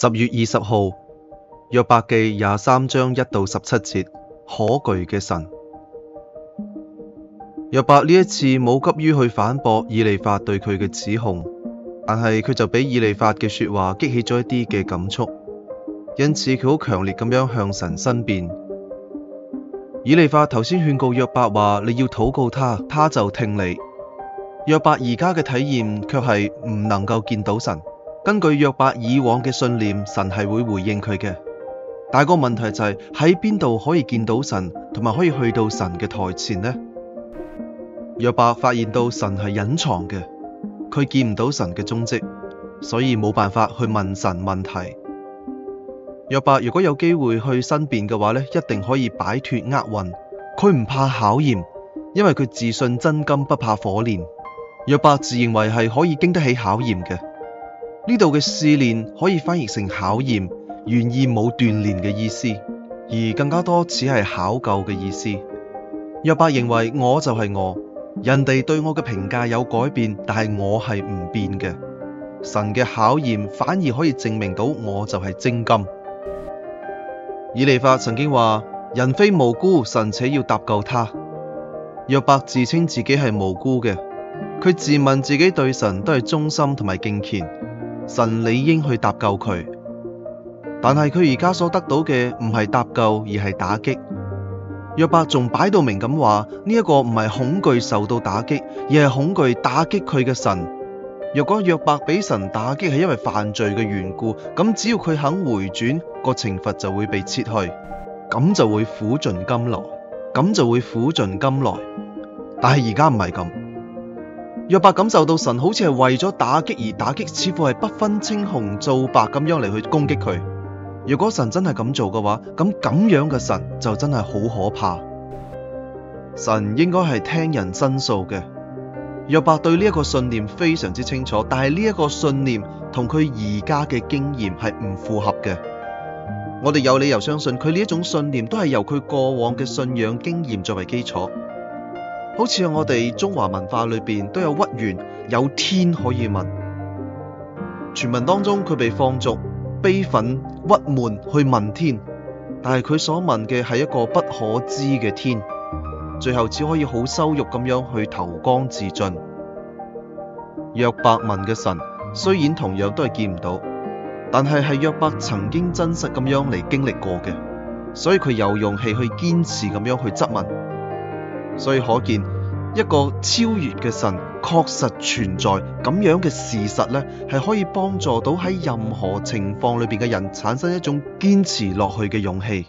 十月二十號，約伯記廿三章一到十七節，可懼嘅神。約伯呢一次冇急於去反駁以利法對佢嘅指控，但係佢就俾以利法嘅說話激起咗一啲嘅感觸，因此佢好強烈咁樣向神申辯。以利法頭先勸告約伯話：「你要禱告他，他就聽你。」約伯而家嘅體驗卻係唔能夠見到神。根據約伯以往嘅信念，神係會回應佢嘅。但係個問題就係喺邊度可以見到神，同埋可以去到神嘅台前呢？約伯發現到神係隱藏嘅，佢見唔到神嘅蹤跡，所以冇辦法去問神問題。約伯如果有機會去申辯嘅話呢，一定可以擺脫厄運。佢唔怕考驗，因為佢自信真金不怕火煉。約伯自認為係可以經得起考驗嘅。呢度嘅試煉可以翻譯成考驗，原意冇鍛煉嘅意思，而更加多似係考究嘅意思。約伯認為我就係我，人哋對我嘅評價有改變，但係我係唔變嘅。神嘅考驗反而可以證明到我就係精金。以利法曾經話：人非無辜，神且要搭救他。約伯自稱自己係無辜嘅，佢自問自己對神都係忠心同埋敬虔。神理應去搭救佢，但係佢而家所得到嘅唔係搭救，而係打擊。約伯仲擺到明咁話，呢、這、一個唔係恐懼受到打擊，而係恐懼打擊佢嘅神。若果約伯俾神打擊係因為犯罪嘅緣故，咁只要佢肯回轉，那個懲罰就會被撤去，咁就會苦盡甘來，咁就會苦盡甘來。但係而家唔係咁。約伯感受到神好似係為咗打擊而打擊，似乎係不分青紅皂白咁樣嚟去攻擊佢。如果神真係咁做嘅話，咁咁樣嘅神就真係好可怕。神應該係聽人申訴嘅。約伯對呢一個信念非常之清楚，但係呢一個信念同佢而家嘅經驗係唔符合嘅。我哋有理由相信佢呢一種信念都係由佢過往嘅信仰經驗作為基礎。好似我哋中華文化裏邊都有屈原有天可以問，傳聞當中佢被放逐，悲憤鬱悶去問天，但係佢所問嘅係一個不可知嘅天，最後只可以好羞辱咁樣去投江自盡。約伯問嘅神雖然同樣都係見唔到，但係係約伯曾經真實咁樣嚟經歷過嘅，所以佢有勇氣去堅持咁樣去質問。所以，可見一個超越嘅神確實存在，咁樣嘅事實呢，係可以幫助到喺任何情況裏面嘅人產生一種堅持落去嘅勇氣。